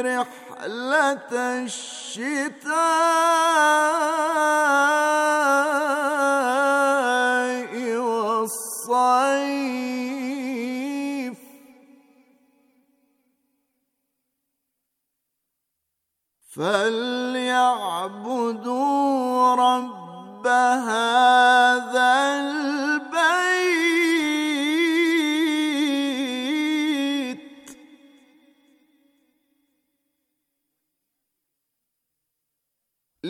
رحلة الشتاء والصيف فليعبدوا رب هذا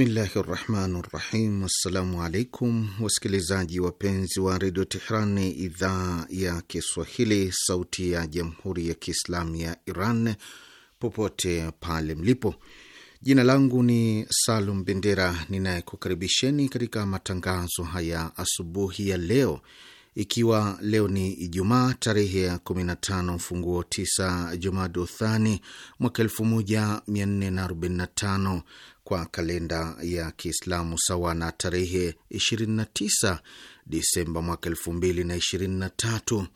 Bismillahi rahmani rahim. Assalamu alaikum wasikilizaji wapenzi wa redio Tehrani, idhaa ya Kiswahili, sauti ya jamhuri ya kiislamu ya Iran, popote pale mlipo. Jina langu ni Salum Bendera ninayekukaribisheni katika matangazo haya asubuhi ya leo ikiwa leo ni Ijumaa tarehe ya 15 mfunguo 9 Jumada Thani mwaka 1445 kwa kalenda ya Kiislamu, sawa na tarehe 29 Disemba mwaka 2023,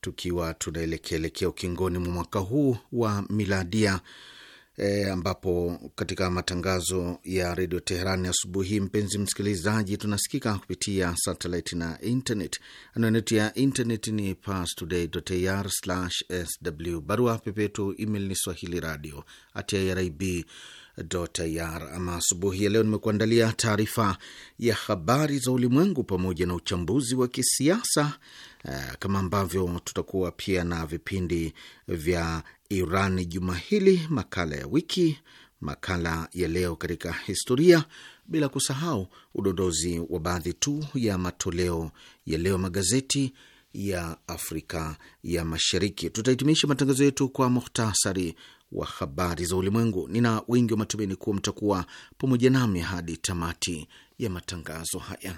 tukiwa tunaelekeelekea ukingoni mwa mwaka huu wa miladia e, ambapo katika matangazo ya redio Teherani asubuhi mpenzi msikilizaji, tunasikika kupitia satellite na internet. Anwani ya internet ni parstoday.ir/sw, barua pepetu email ni swahili radio at irib ama asubuhi ya leo nimekuandalia taarifa ya habari za ulimwengu pamoja na uchambuzi wa kisiasa eh, kama ambavyo tutakuwa pia na vipindi vya Iran juma hili, makala ya wiki, makala ya leo katika historia, bila kusahau udondozi wa baadhi tu ya matoleo ya leo magazeti ya Afrika ya Mashariki. Tutahitimisha matangazo yetu kwa muhtasari wa habari za ulimwengu. Nina wingi wa matumaini kuwa mtakuwa pamoja nami hadi tamati ya matangazo haya.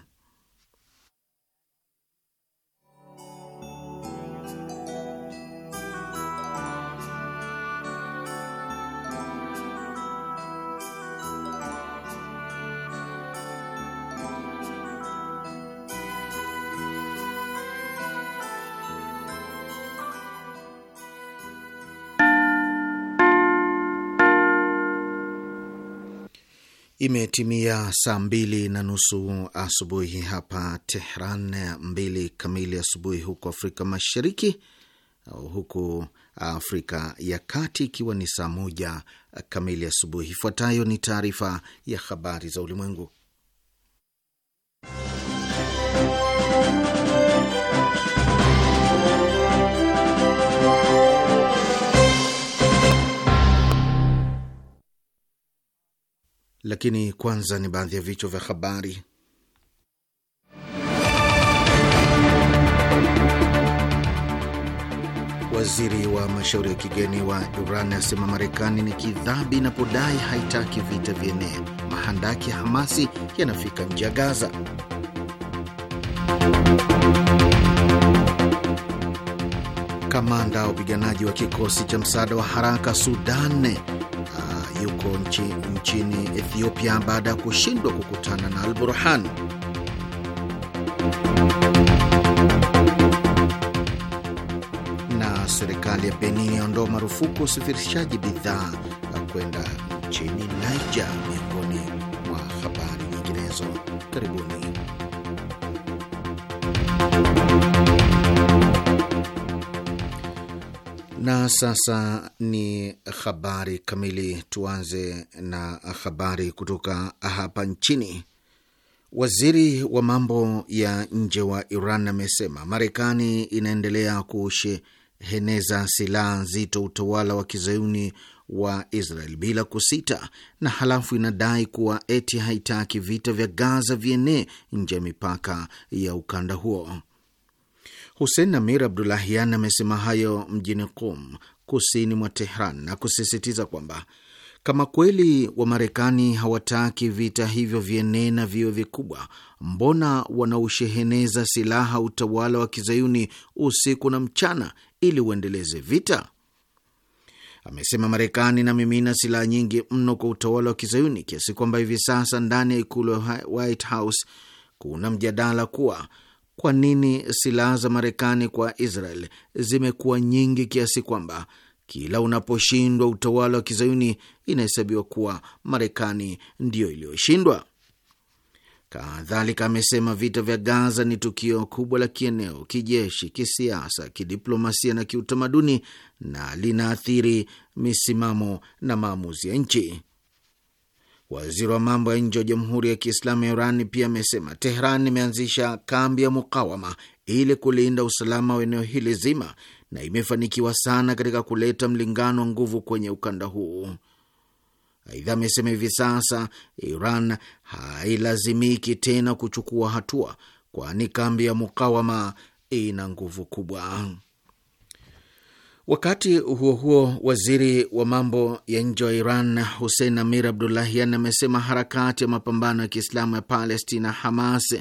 Imetimia saa mbili na nusu asubuhi hapa Tehran, mbili kamili asubuhi huko Afrika Mashariki, huku Afrika ya Kati ikiwa ni saa moja kamili asubuhi. Ifuatayo ni taarifa ya habari za ulimwengu lakini kwanza ni baadhi ya vichwa vya habari. Waziri wa mashauri ya kigeni wa Iran asema Marekani ni kidhabi inapodai haitaki vita vienee. Mahandaki ya Hamasi yanafika nje ya Gaza. Kamanda wa wapiganaji wa kikosi cha msaada wa haraka Sudan yuko nchi, nchini Ethiopia baada ya kushindwa kukutana na Al Burhan. Na serikali ya Benin yaondoa marufuku usafirishaji bidhaa na kwenda nchini Niger, miongoni mwa habari nyinginezo. Karibuni. Na sasa ni habari kamili. Tuanze na habari kutoka hapa nchini. Waziri wa mambo ya nje wa Iran amesema Marekani inaendelea kusheheneza silaha nzito utawala wa kizayuni wa Israel bila kusita, na halafu inadai kuwa eti haitaki vita vya Gaza vienee nje ya mipaka ya ukanda huo. Husein Amir Abdulahian amesema hayo mjini Qum, kusini mwa Tehran, na kusisitiza kwamba kama kweli Wamarekani hawataki vita hivyo vienee na viwe vikubwa, mbona wanaosheheneza silaha utawala wa kizayuni usiku na mchana ili uendeleze vita? Amesema Marekani inamimina silaha nyingi mno kwa utawala wa kizayuni kiasi kwamba hivi sasa ndani ya ikulu ya White House kuna mjadala kuwa kwa nini silaha za Marekani kwa Israel zimekuwa nyingi kiasi kwamba kila unaposhindwa utawala wa kizayuni inahesabiwa kuwa Marekani ndiyo iliyoshindwa. Kadhalika amesema vita vya Gaza ni tukio kubwa la kieneo, kijeshi, kisiasa, kidiplomasia na kiutamaduni, na linaathiri misimamo na maamuzi ya nchi. Waziri wa mambo ya nje wa Jamhuri ya Kiislamu ya Iran pia amesema Tehran imeanzisha kambi ya mukawama ili kulinda usalama wa eneo hili zima na imefanikiwa sana katika kuleta mlingano wa nguvu kwenye ukanda huu. Aidha, amesema hivi sasa Iran hailazimiki tena kuchukua hatua, kwani kambi ya mukawama ina nguvu kubwa. Wakati huo huo, waziri wa mambo ya nje wa Iran Hussein Amir Abdullahian amesema harakati ya mapambano ya Kiislamu ya Palestina Hamas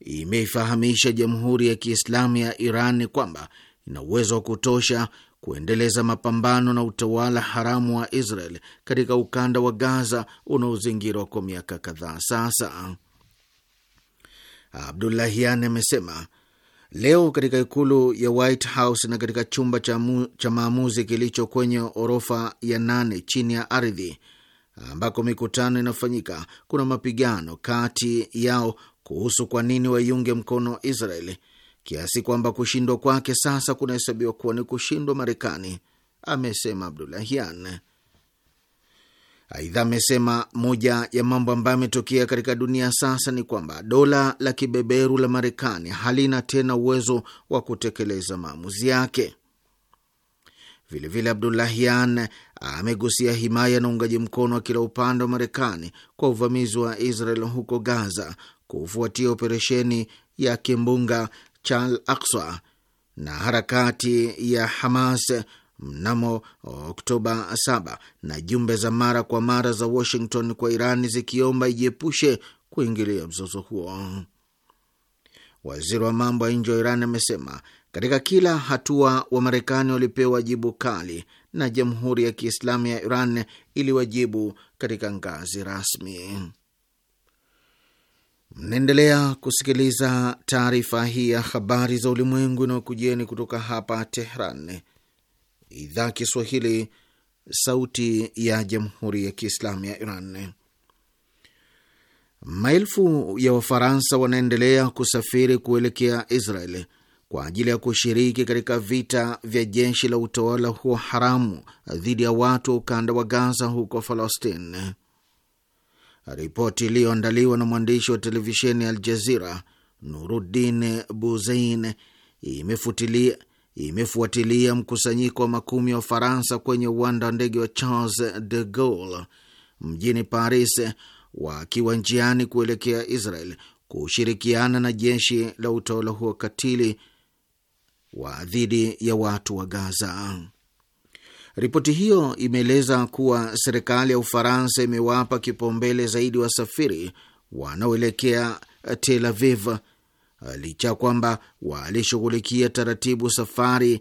imeifahamisha Jamhuri ya Kiislamu ya Iran kwamba ina uwezo wa kutosha kuendeleza mapambano na utawala haramu wa Israel katika ukanda wa Gaza unaozingirwa kwa miaka kadhaa sasa. Abdullahian amesema Leo katika ikulu ya White House na katika chumba cha, mu, cha maamuzi kilicho kwenye orofa ya nane chini ya ardhi ambako mikutano inafanyika, kuna mapigano kati yao kuhusu kwa nini waiunge mkono Israeli kiasi kwamba kushindwa kwake sasa kunahesabiwa kuwa ni kushindwa Marekani, amesema Abdulahian. Aidha amesema moja ya mambo ambayo ametokea katika dunia sasa ni kwamba dola la kibeberu la Marekani halina tena uwezo wa kutekeleza maamuzi yake. Vilevile, Abdullahyan amegusia himaya na uungaji mkono wa kila upande wa Marekani kwa uvamizi wa Israel huko Gaza kufuatia operesheni ya kimbunga cha Al Aqsa na harakati ya Hamas mnamo Oktoba 7 na jumbe za mara kwa mara za Washington kwa Iran zikiomba ijiepushe kuingilia mzozo huo. Waziri wa mambo ya nje wa Iran amesema katika kila hatua Wamarekani walipewa jibu kali na Jamhuri ya Kiislamu ya Iran iliwajibu katika ngazi rasmi. Mnaendelea kusikiliza taarifa hii ya habari za ulimwengu inayokujieni kutoka hapa Tehran, idhaa Kiswahili, sauti ya jamhuri ya kiislamu ya Iran. Maelfu ya Wafaransa wanaendelea kusafiri kuelekea Israeli kwa ajili ya kushiriki katika vita vya jeshi la utawala huo haramu dhidi ya watu wa ukanda wa Gaza huko Palestine. Ripoti iliyoandaliwa na mwandishi wa televisheni Al Jazira Nuruddin Buzein imefutilia imefuatilia mkusanyiko wa makumi wa Ufaransa kwenye uwanda wa ndege wa Charles de Gaulle mjini Paris, wakiwa njiani kuelekea Israel kushirikiana na jeshi la utawala huo katili wa dhidi ya watu wa Gaza. Ripoti hiyo imeeleza kuwa serikali ya Ufaransa imewapa kipaumbele zaidi wasafiri wanaoelekea Tel Aviv Eh, licha kwamba walishughulikia taratibu safari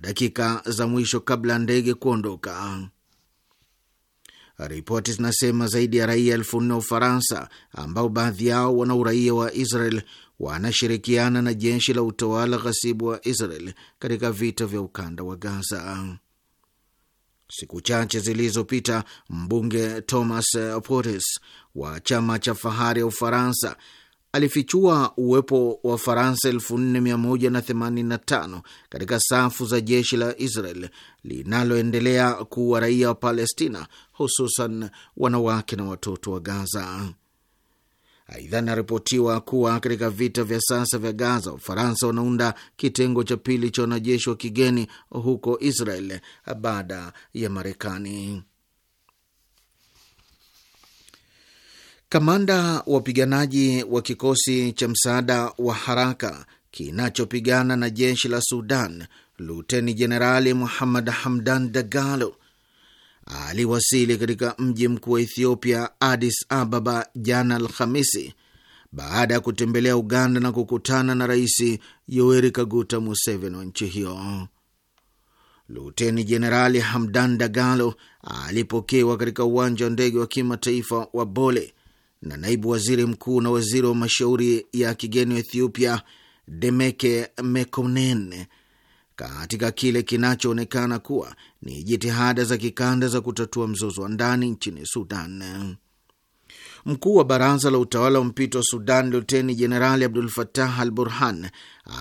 dakika za mwisho kabla ndege kuondoka. Ripoti zinasema zaidi ya raia elfu nne wa Ufaransa, ambao baadhi yao wana uraia wa Israel, wanashirikiana na jeshi la utawala ghasibu wa Israel katika vita vya ukanda wa Gaza. Siku chache zilizopita mbunge Thomas potis wa chama cha fahari ya Ufaransa alifichua uwepo wa Faransa 4185 katika safu za jeshi la Israel linaloendelea kuwa raia wa Palestina, hususan wanawake na watoto wa Gaza. Aidha, inaripotiwa kuwa katika vita vya sasa vya Gaza, Ufaransa wanaunda kitengo cha pili cha wanajeshi wa kigeni huko Israel baada ya Marekani. Kamanda wapiganaji wa kikosi cha msaada wa haraka kinachopigana na jeshi la Sudan, Luteni Jenerali Muhammad Hamdan Dagalo aliwasili katika mji mkuu wa Ethiopia, Addis Ababa, jana Alhamisi baada ya kutembelea Uganda na kukutana na Rais Yoweri Kaguta Museveni wa nchi hiyo. Luteni Jenerali Hamdan Dagalo alipokewa katika uwanja wa ndege wa kimataifa wa Bole na naibu waziri mkuu na waziri wa mashauri ya kigeni wa Ethiopia Demeke Mekonnen katika kile kinachoonekana kuwa ni jitihada za kikanda za kutatua mzozo wa ndani nchini Sudan. Mkuu wa baraza la utawala wa mpito wa Sudan, luteni jenerali Abdul fatah al Burhan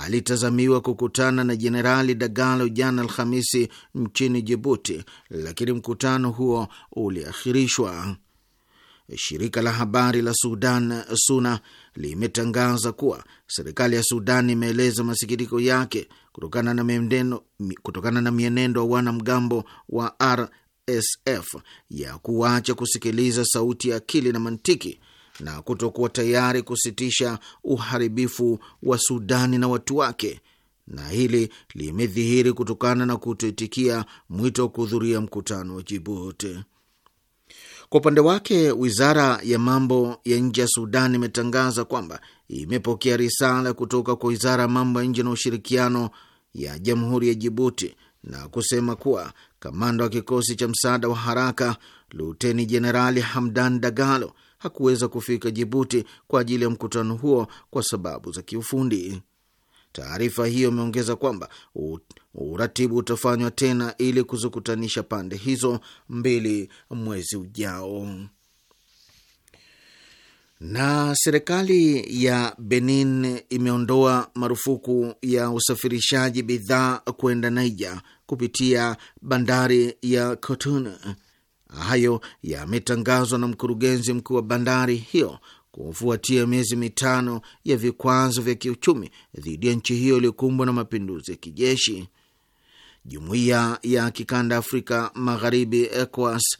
alitazamiwa kukutana na jenerali Dagalo jana Alhamisi nchini Jibuti, lakini mkutano huo uliakhirishwa shirika la habari la Sudan SUNA limetangaza kuwa serikali ya Sudan imeeleza masikitiko yake kutokana na mienendo, kutokana na mienendo wa wanamgambo wa RSF ya kuacha kusikiliza sauti ya akili na mantiki na kutokuwa tayari kusitisha uharibifu wa Sudani na watu wake, na hili limedhihiri kutokana na kutoitikia mwito wa kuhudhuria mkutano wa Jibuti. Kwa upande wake, wizara ya mambo ya nje ya Sudan imetangaza kwamba imepokea risala kutoka kwa wizara ya mambo ya nje na ushirikiano ya jamhuri ya Jibuti na kusema kuwa kamanda wa kikosi cha msaada wa haraka Luteni Jenerali Hamdan Dagalo hakuweza kufika Jibuti kwa ajili ya mkutano huo kwa sababu za kiufundi. Taarifa hiyo imeongeza kwamba Uratibu utafanywa tena ili kuzikutanisha pande hizo mbili mwezi ujao. Na serikali ya Benin imeondoa marufuku ya usafirishaji bidhaa kwenda Naija kupitia bandari ya Cotonou. Hayo yametangazwa na mkurugenzi mkuu wa bandari hiyo kufuatia miezi mitano ya vikwazo vya kiuchumi dhidi ya nchi hiyo iliyokumbwa na mapinduzi ya kijeshi jumuiya ya kikanda Afrika Magharibi, ECOWAS,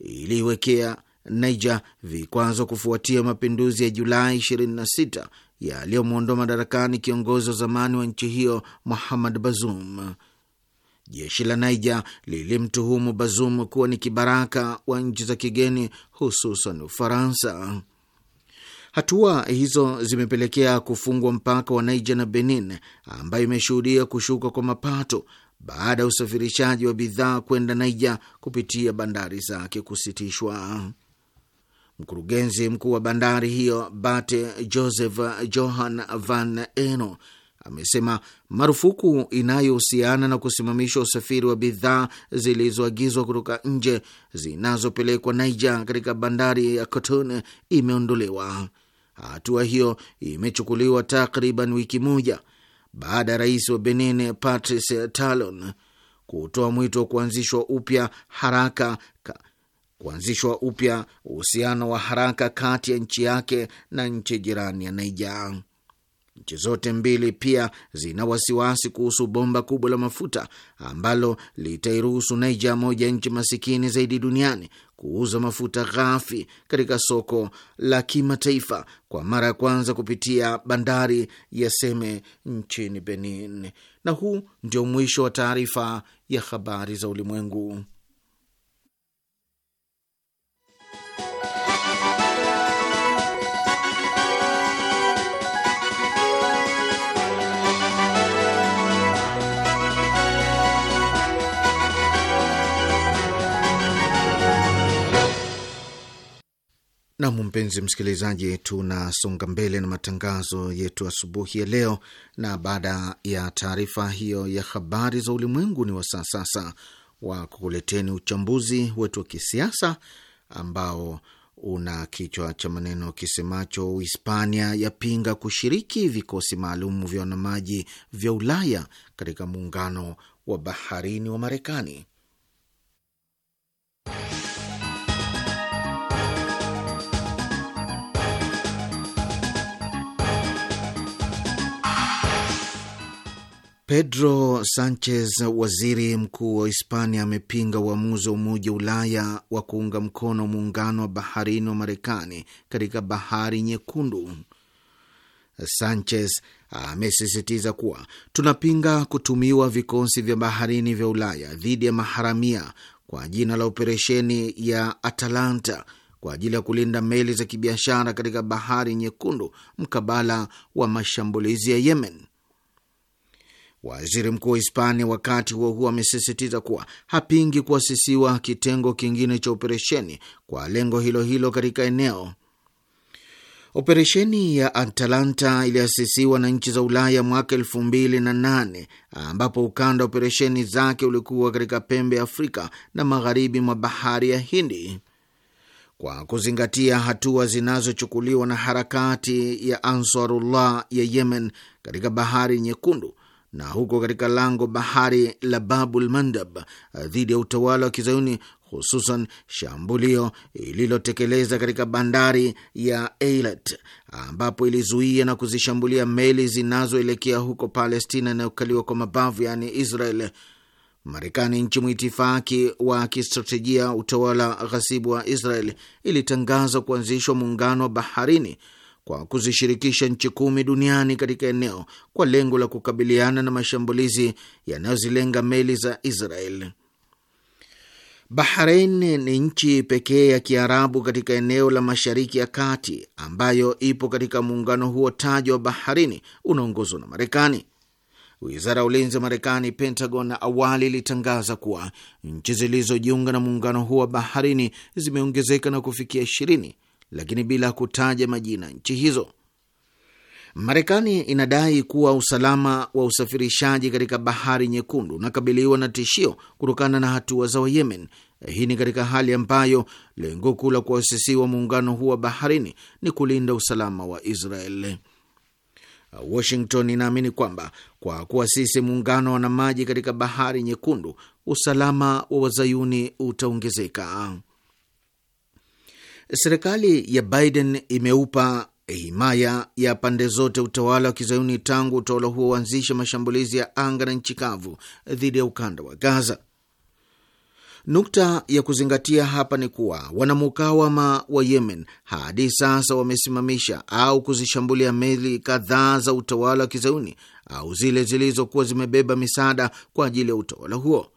iliiwekea Niger vikwazo kufuatia mapinduzi ya Julai 26 yaliyomwondoa madarakani kiongozi wa zamani wa nchi hiyo Muhammad Bazoum. Jeshi la Niger lilimtuhumu Bazoum kuwa ni kibaraka wa nchi za kigeni, hususan Ufaransa. Hatua hizo zimepelekea kufungwa mpaka wa Niger na Benin, ambayo imeshuhudia kushuka kwa mapato baada ya usafirishaji wa bidhaa kwenda Naija kupitia bandari zake kusitishwa. Mkurugenzi mkuu wa bandari hiyo Bate Joseph Johan van Eno amesema marufuku inayohusiana na kusimamisha usafiri wa bidhaa zilizoagizwa kutoka nje zinazopelekwa Naija katika bandari ya Cotonou imeondolewa. Hatua hiyo imechukuliwa takriban wiki moja baada ya rais wa Benin Patrice Talon kutoa mwito wa kuanzishwa upya haraka kuanzishwa upya uhusiano wa haraka kati ya nchi yake na nchi jirani ya Naija. Nchi zote mbili pia zina wasiwasi kuhusu bomba kubwa la mafuta ambalo litairuhusu Naija, moja ya nchi masikini zaidi duniani, kuuza mafuta ghafi katika soko la kimataifa kwa mara ya kwanza kupitia bandari ya Seme nchini Benin. Na huu ndio mwisho wa taarifa ya habari za ulimwengu. Nam, mpenzi msikilizaji, tunasonga mbele na matangazo yetu asubuhi ya leo, na baada ya taarifa hiyo ya habari za ulimwengu, ni wasaa sasa wa kukuleteni uchambuzi wetu wa kisiasa ambao una kichwa cha maneno kisemacho hispania yapinga kushiriki vikosi maalum vya wanamaji vya Ulaya katika muungano wa baharini wa Marekani. Pedro Sanchez, waziri mkuu wa Hispania, amepinga uamuzi wa Umoja wa Ulaya wa kuunga mkono muungano wa baharini wa Marekani katika Bahari Nyekundu. Sanchez amesisitiza kuwa tunapinga kutumiwa vikosi vya baharini vya Ulaya dhidi ya maharamia kwa jina la operesheni ya Atalanta kwa ajili ya kulinda meli za kibiashara katika Bahari Nyekundu mkabala wa mashambulizi ya Yemen. Waziri mkuu wa Hispania wakati huo huo amesisitiza kuwa hapingi kuasisiwa kitengo kingine cha operesheni kwa lengo hilo hilo katika eneo. Operesheni ya Atalanta iliasisiwa na nchi za Ulaya mwaka elfu mbili na nane ambapo ukanda wa operesheni zake ulikuwa katika pembe ya Afrika na magharibi mwa bahari ya Hindi. Kwa kuzingatia hatua zinazochukuliwa na harakati ya Ansarullah ya Yemen katika bahari Nyekundu na huko katika lango bahari la Babul Mandab eh, dhidi ya utawala wa Kizayuni, hususan shambulio ililotekeleza katika bandari ya Eilat ambapo ilizuia na kuzishambulia meli zinazoelekea huko Palestina inayokaliwa kwa mabavu, yaani Israel. Marekani, nchi mwitifaki wa kistratejia utawala ghasibu wa Israel, ilitangaza kuanzishwa muungano wa baharini kwa kuzishirikisha nchi kumi duniani katika eneo kwa lengo la kukabiliana na mashambulizi yanayozilenga meli za Israel. bahrein ni nchi pekee ya Kiarabu katika eneo la Mashariki ya Kati ambayo ipo katika muungano huo tajwa wa baharini unaongozwa na Marekani. Wizara ya ulinzi wa Marekani, Pentagon, awali ilitangaza kuwa nchi zilizojiunga na muungano huo wa baharini zimeongezeka na kufikia ishirini lakini bila kutaja majina nchi hizo. Marekani inadai kuwa usalama wa usafirishaji katika bahari nyekundu unakabiliwa na tishio kutokana na hatua za Wayemen. Hii ni katika hali ambayo lengo kuu la kuasisiwa muungano huu wa baharini ni kulinda usalama wa Israel. Washington inaamini kwamba kwa kuasisi muungano wanamaji katika bahari nyekundu, usalama wa wazayuni utaongezeka. Serikali ya Biden imeupa himaya ya pande zote utawala wa kizayuni tangu utawala huo uanzishe mashambulizi ya anga na nchi kavu dhidi ya ukanda wa Gaza. Nukta ya kuzingatia hapa ni kuwa wanamukawama wa Yemen hadi sasa wamesimamisha au kuzishambulia meli kadhaa za utawala wa kizayuni au zile zilizokuwa zimebeba misaada kwa ajili ya utawala huo.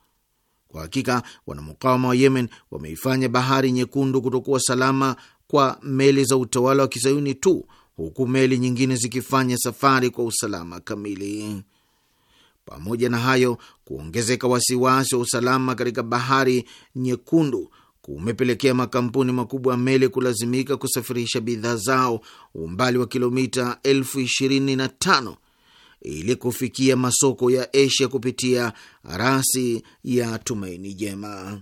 Kwa hakika wanamukawama wa Yemen wameifanya Bahari Nyekundu kutokuwa salama kwa meli za utawala wa kizayuni tu, huku meli nyingine zikifanya safari kwa usalama kamili. Pamoja na hayo, kuongezeka wasiwasi wa usalama katika Bahari Nyekundu kumepelekea makampuni makubwa ya meli kulazimika kusafirisha bidhaa zao umbali wa kilomita elfu ishirini na tano ili kufikia masoko ya Asia kupitia rasi ya Tumaini Jema.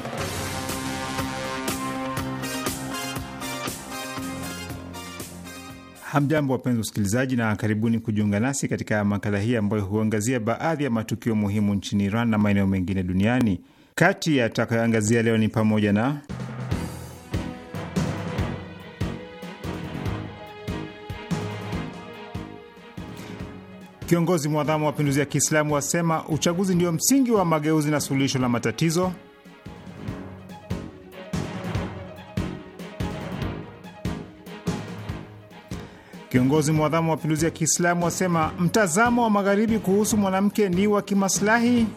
Hamjambo, wapenzi wasikilizaji, na karibuni kujiunga nasi katika makala hii ambayo huangazia baadhi ya matukio muhimu nchini Iran na maeneo mengine duniani. Kati ya atakayoangazia leo ni pamoja na kiongozi mwadhamu wa mapinduzi ya Kiislamu wasema uchaguzi ndio msingi wa mageuzi na suluhisho la matatizo Kiongozi mwadhamu wa mapinduzi ya Kiislamu wasema mtazamo wa magharibi kuhusu mwanamke ni wa kimaslahi.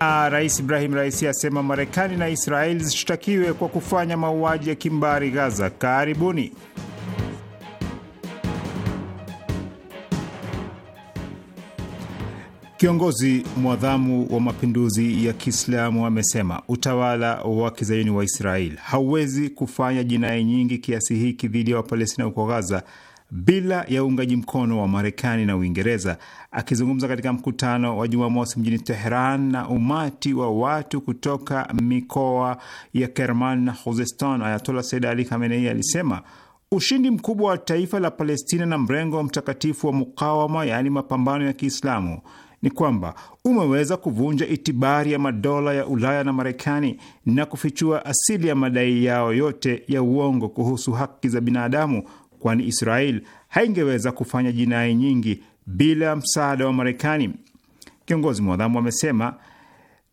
Ah, Rais Ibrahim Raisi asema Marekani na Israeli zishtakiwe kwa kufanya mauaji ya kimbari Gaza. Karibuni. Kiongozi mwadhamu wa mapinduzi ya Kiislamu amesema utawala wa kizayuni wa Israel hauwezi kufanya jinai nyingi kiasi hiki dhidi ya Wapalestina huko Gaza bila ya uungaji mkono wa Marekani na Uingereza. Akizungumza katika mkutano wa Jumamosi mjini Teheran na umati wa watu kutoka mikoa ya Kerman na Khuzestan, Ayatola Said Ali Khamenei alisema ushindi mkubwa wa taifa la Palestina na mrengo mtakatifu wa mukawama, yaani mapambano ya Kiislamu ni kwamba umeweza kuvunja itibari ya madola ya Ulaya na Marekani na kufichua asili ya madai yao yote ya uongo kuhusu haki za binadamu, kwani Israel haingeweza kufanya jinai nyingi bila msaada wa Marekani. Kiongozi mwadhamu amesema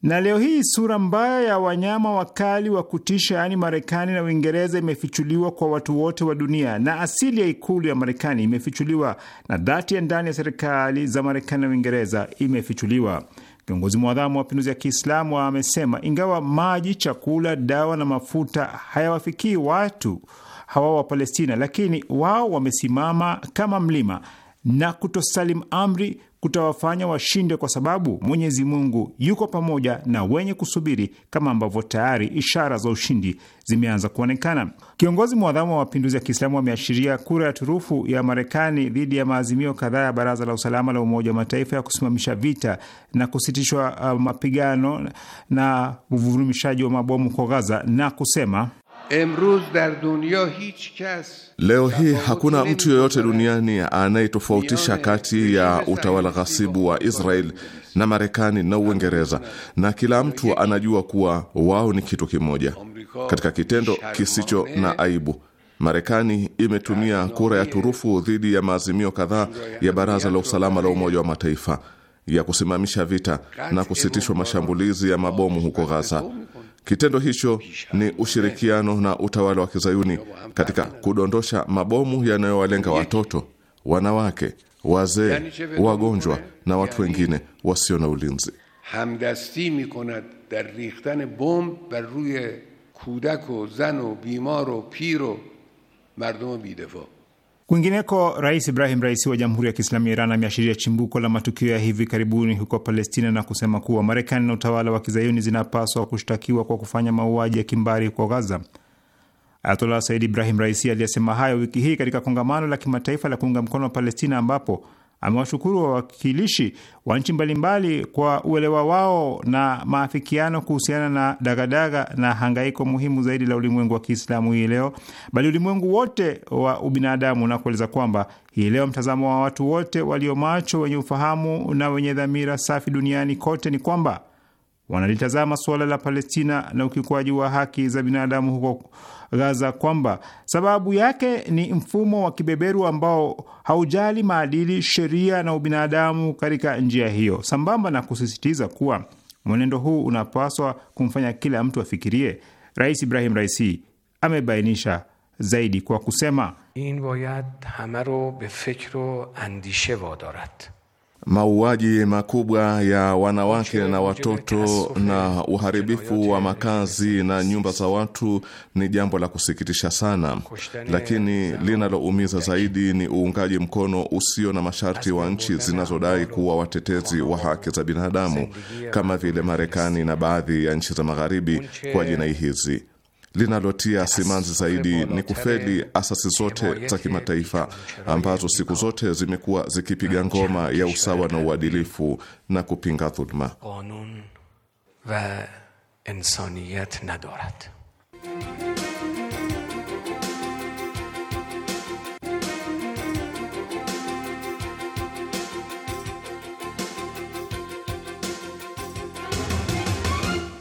na leo hii sura mbaya ya wanyama wakali wa kutisha yaani Marekani na Uingereza imefichuliwa kwa watu wote wa dunia, na asili ya ikulu ya Marekani imefichuliwa, na dhati ya ndani ya serikali za Marekani na Uingereza imefichuliwa. Kiongozi mwadhamu wa mapinduzi ya Kiislamu amesema ingawa maji, chakula, dawa na mafuta hayawafikii watu hawa wa Palestina, lakini wao wamesimama kama mlima na kutosalim amri kutawafanya washinde, kwa sababu Mwenyezi Mungu yuko pamoja na wenye kusubiri, kama ambavyo tayari ishara za ushindi zimeanza kuonekana. Kiongozi mwadhamu wa mapinduzi ya Kiislamu ameashiria kura ya turufu ya Marekani dhidi ya maazimio kadhaa ya Baraza la Usalama la Umoja wa Mataifa ya kusimamisha vita na kusitishwa uh, mapigano na uvurumishaji wa mabomu kwa Gaza na kusema Leo hii hakuna mtu yoyote duniani anayetofautisha kati ya utawala ghasibu wa Israel na Marekani na Uingereza, na kila mtu anajua kuwa wao ni kitu kimoja. Katika kitendo kisicho na aibu, Marekani imetumia kura ya turufu dhidi ya maazimio kadhaa ya Baraza la Usalama la Umoja wa Mataifa ya kusimamisha vita na kusitishwa mashambulizi ya mabomu huko Gaza. Kitendo hicho ni ushirikiano na utawala wa kizayuni katika kudondosha mabomu yanayowalenga watoto, wanawake, wazee, wagonjwa na watu wengine wasio na ulinzi. hamdasti mikonad dar rikhtan bomb bar ruye kudak o zan o bimar o pir o mardom bidefa Kwingineko, Rais Ibrahim Raisi wa Jamhuri ya Kiislamu ya Iran ameashiria chimbuko la matukio ya hivi karibuni huko Palestina na kusema kuwa Marekani na utawala wa kizayuni zinapaswa kushtakiwa kwa kufanya mauaji ya kimbari huko Gaza. Ayatollah Said Ibrahim Raisi aliyesema hayo wiki hii katika kongamano la kimataifa la kuunga mkono wa Palestina ambapo amewashukuru wawakilishi wa nchi mbalimbali kwa uelewa wao na maafikiano kuhusiana na dagadaga na hangaiko muhimu zaidi la ulimwengu wa Kiislamu hii leo, bali ulimwengu wote wa ubinadamu, na kueleza kwamba hii leo mtazamo wa watu wote walio macho, wenye ufahamu na wenye dhamira safi duniani kote ni kwamba wanalitazama suala la Palestina na ukiukwaji wa haki za binadamu huko Gaza kwamba sababu yake ni mfumo wa kibeberu ambao haujali maadili, sheria na ubinadamu katika njia hiyo, sambamba na kusisitiza kuwa mwenendo huu unapaswa kumfanya kila mtu afikirie. Rais Ibrahim Raisi amebainisha zaidi kwa kusema in boyad hamaro be andishe vodorat mauaji makubwa ya wanawake na watoto na uharibifu wa makazi na nyumba za watu ni jambo la kusikitisha sana, lakini linaloumiza zaidi ni uungaji mkono usio na masharti wa nchi zinazodai kuwa watetezi wa haki za binadamu kama vile Marekani na baadhi ya nchi za Magharibi kwa jinai hizi linalotia simanzi zaidi ni kufeli asasi zote za kimataifa ambazo siku zote zimekuwa zikipiga ngoma ya usawa na uadilifu na kupinga dhuluma.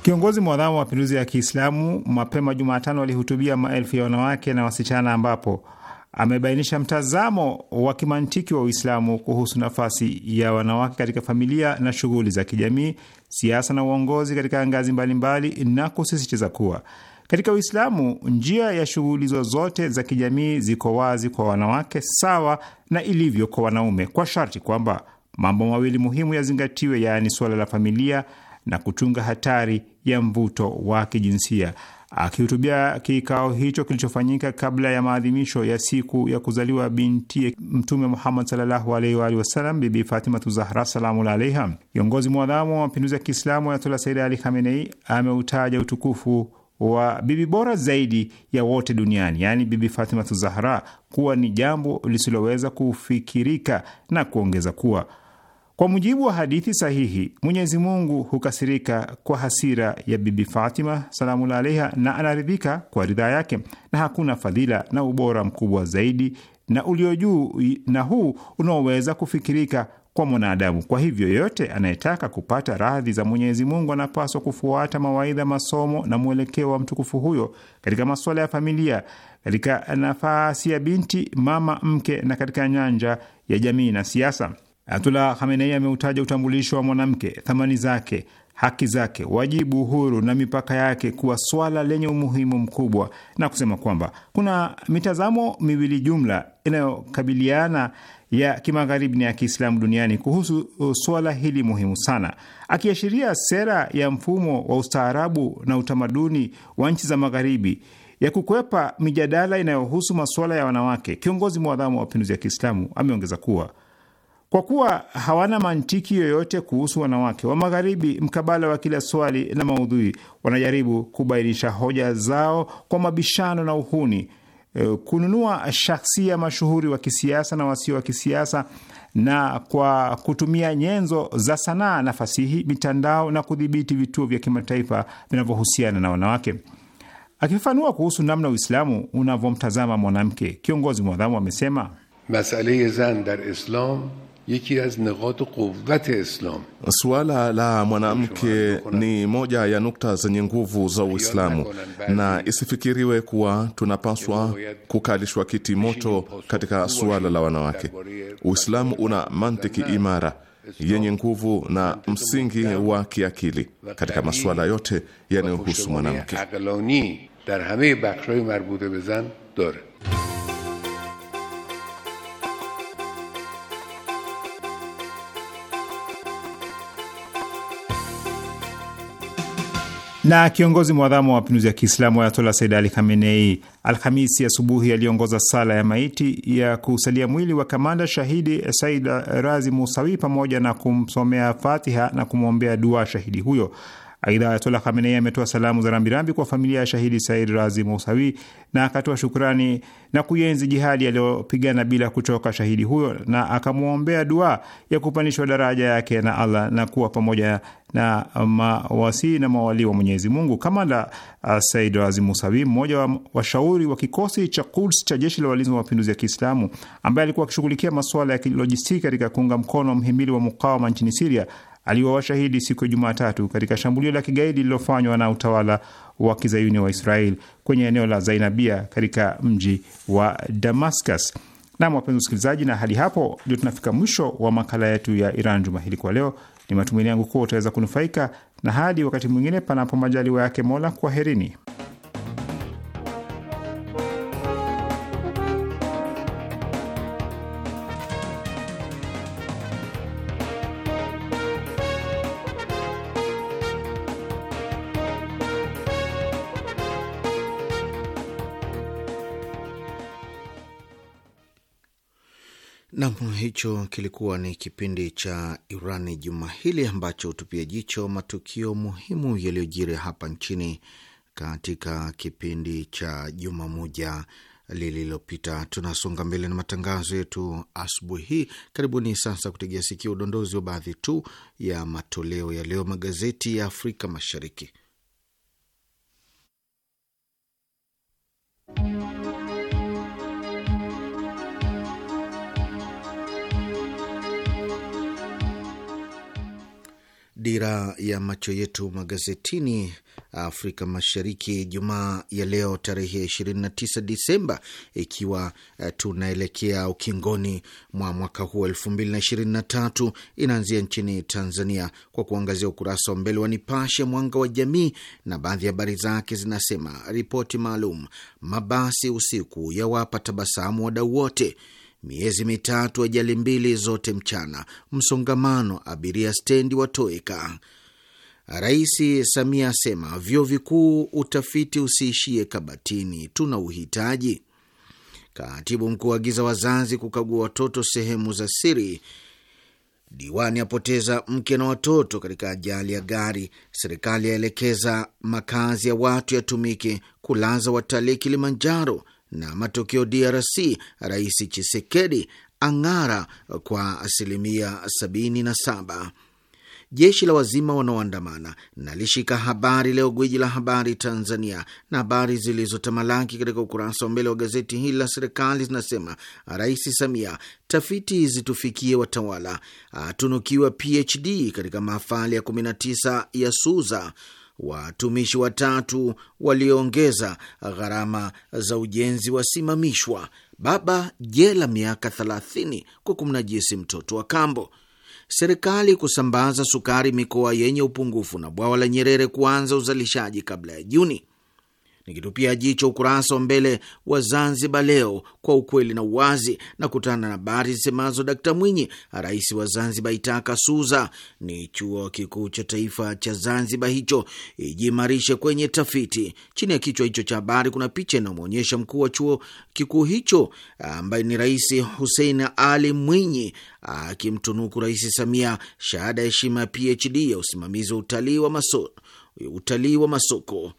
Kiongozi mwadhamu wa mapinduzi ya Kiislamu mapema Jumatano alihutubia maelfu ya wanawake na wasichana ambapo amebainisha mtazamo wa kimantiki wa Uislamu kuhusu nafasi ya wanawake katika familia na shughuli za kijamii, siasa na uongozi katika ngazi mbalimbali, na kusisitiza kuwa katika Uislamu njia ya shughuli zozote za kijamii ziko wazi kwa wanawake sawa na ilivyo kwa wanaume, kwa sharti kwamba mambo mawili muhimu yazingatiwe, yaani suala la familia na kuchunga hatari ya mvuto wa kijinsia. Akihutubia kikao hicho kilichofanyika kabla ya maadhimisho ya siku ya kuzaliwa binti Mtume Muhammad sallallahu alaihi wa alihi wasallam, Bibi Fatimatu Zahra salamu alaiha, kiongozi mwadhamu wa mapinduzi ya Kiislamu Ayatullah Sayyid Ali Khamenei ameutaja utukufu wa bibi bora zaidi ya wote duniani, yaani Bibi Fatimatu Zahra, kuwa ni jambo lisiloweza kufikirika na kuongeza kuwa kwa mujibu wa hadithi sahihi, Mwenyezi Mungu hukasirika kwa hasira ya Bibi Fatima salamula alaiha, na anaridhika kwa ridhaa yake, na hakuna fadhila na ubora mkubwa zaidi na ulio juu na huu unaoweza kufikirika kwa mwanadamu. Kwa hivyo, yeyote anayetaka kupata radhi za Mwenyezi Mungu anapaswa kufuata mawaidha, masomo na mwelekeo wa mtukufu huyo katika masuala ya familia, katika nafasi ya binti, mama, mke na katika nyanja ya jamii na siasa. Ayatullah Khamenei ameutaja utambulisho wa mwanamke, thamani zake, haki zake, wajibu, uhuru na mipaka yake kuwa swala lenye umuhimu mkubwa na kusema kwamba kuna mitazamo miwili jumla inayokabiliana ya kimagharibi na ya Kiislamu duniani kuhusu uh, swala hili muhimu sana, akiashiria sera ya mfumo wa ustaarabu na utamaduni wa nchi za magharibi ya kukwepa mijadala inayohusu masuala ya wanawake. Kiongozi mwadhamu wa mapinduzi ya Kiislamu ameongeza kuwa kwa kuwa hawana mantiki yoyote kuhusu wanawake wa Magharibi, mkabala wa kila swali na maudhui, wanajaribu kubainisha hoja zao kwa mabishano na uhuni, eh, kununua shahsia mashuhuri wa kisiasa na wasio wa kisiasa, na kwa kutumia nyenzo za sanaa na fasihi, mitandao na kudhibiti vituo vya kimataifa vinavyohusiana na wanawake. Akifafanua kuhusu namna Uislamu unavyomtazama mwanamke, kiongozi mwadhamu amesema: masale zan dar islam Suala la mwanamke ni moja ya nukta zenye nguvu za Uislamu, na isifikiriwe kuwa tunapaswa kukalishwa kiti moto katika suala la wanawake. Uislamu una mantiki imara yenye nguvu na msingi wa kiakili katika masuala yote yanayohusu mwanamke. Na kiongozi mwadhamu wa mapinduzi ya Kiislamu Ayatola Said Ali Khamenei Alhamisi asubuhi aliongoza sala ya maiti ya kusalia mwili wa kamanda shahidi Said Razi Musawi pamoja na kumsomea Fatiha na kumwombea dua shahidi huyo. Aidha, Ayatola Khamenei ametoa salamu za rambirambi kwa familia ya shahidi Said Razi Mousawi na akatoa shukrani na kuienzi jihadi aliyopigana bila kuchoka shahidi huyo, na akamwombea dua ya kupandishwa daraja yake na Allah na kuwa pamoja na mawasii na mawalii wa Mwenyezi Mungu. Kamanda uh, Said Razi Musawi, mmoja wa washauri wa kikosi cha Quds cha jeshi la walinzi wa mapinduzi ya Kiislamu, ambaye alikuwa akishughulikia masuala ya kilojistiki katika kuunga mkono mhimili wa mukawama nchini Siria, washahidi siku ya Jumatatu katika shambulio la kigaidi lililofanywa na utawala wa kizayuni wa Israel kwenye eneo la Zainabia katika mji wa Damascus. Nam, wapenzi usikilizaji na hadi hapo ndio tunafika mwisho wa makala yetu ya Iran juma hili kwa leo. Ni matumaini yangu kuwa utaweza kunufaika na. Hadi wakati mwingine, panapo majaliwa yake Mola, kwaherini. hicho kilikuwa ni kipindi cha Irani juma hili ambacho hutupia jicho matukio muhimu yaliyojiri hapa nchini katika kipindi cha juma moja lililopita. Tunasonga mbele na matangazo yetu asubuhi hii. Karibuni sasa kutegea sikia udondozi wa baadhi tu ya matoleo ya leo magazeti ya Afrika Mashariki. Dira ya macho yetu magazetini Afrika Mashariki Jumaa ya leo tarehe 29 Disemba, ikiwa eh, tunaelekea ukingoni mwa mwaka huu 2023, inaanzia nchini Tanzania kwa kuangazia ukurasa wa mbele wa Nipashe Mwanga wa Jamii, na baadhi ya habari zake zinasema: ripoti maalum, mabasi usiku yawapa tabasamu wadau wote miezi mitatu, ajali mbili zote mchana, msongamano abiria stendi watoweka. Rais Samia asema vyuo vikuu utafiti usiishie kabatini, tuna uhitaji. Katibu mkuu agiza wazazi kukagua watoto sehemu za siri. Diwani apoteza mke na watoto katika ajali ya gari. Serikali yaelekeza makazi ya watu yatumike kulaza watalii Kilimanjaro na matokeo DRC, Rais Chisekedi ang'ara kwa asilimia 77. Jeshi la wazima wanaoandamana nalishika habari leo, gwiji la habari Tanzania, na habari zilizotamalaki katika ukurasa wa mbele wa gazeti hili la serikali zinasema: Rais Samia, tafiti zitufikie watawala, atunukiwa PhD katika mahafali ya 19 ya Suza watumishi watatu walioongeza gharama za ujenzi wasimamishwa, baba jela miaka 30 kwa kumnajisi mtoto wa kambo, serikali kusambaza sukari mikoa yenye upungufu, na bwawa la Nyerere kuanza uzalishaji kabla ya Juni. Nikitupia jicho ukurasa wa mbele wa Zanzibar Leo kwa ukweli na uwazi, na kutana na habari zisemazo: Dkt Mwinyi, rais wa Zanzibar, itaka SUZA ni chuo kikuu cha taifa cha Zanzibar hicho ijiimarishe kwenye tafiti. Chini ya kichwa hicho cha habari kuna picha inayomwonyesha mkuu wa chuo kikuu hicho ambaye ni Rais Hussein Ali Mwinyi akimtunuku Rais Samia shahada ya heshima ya PhD ya usimamizi wa utalii wa masoko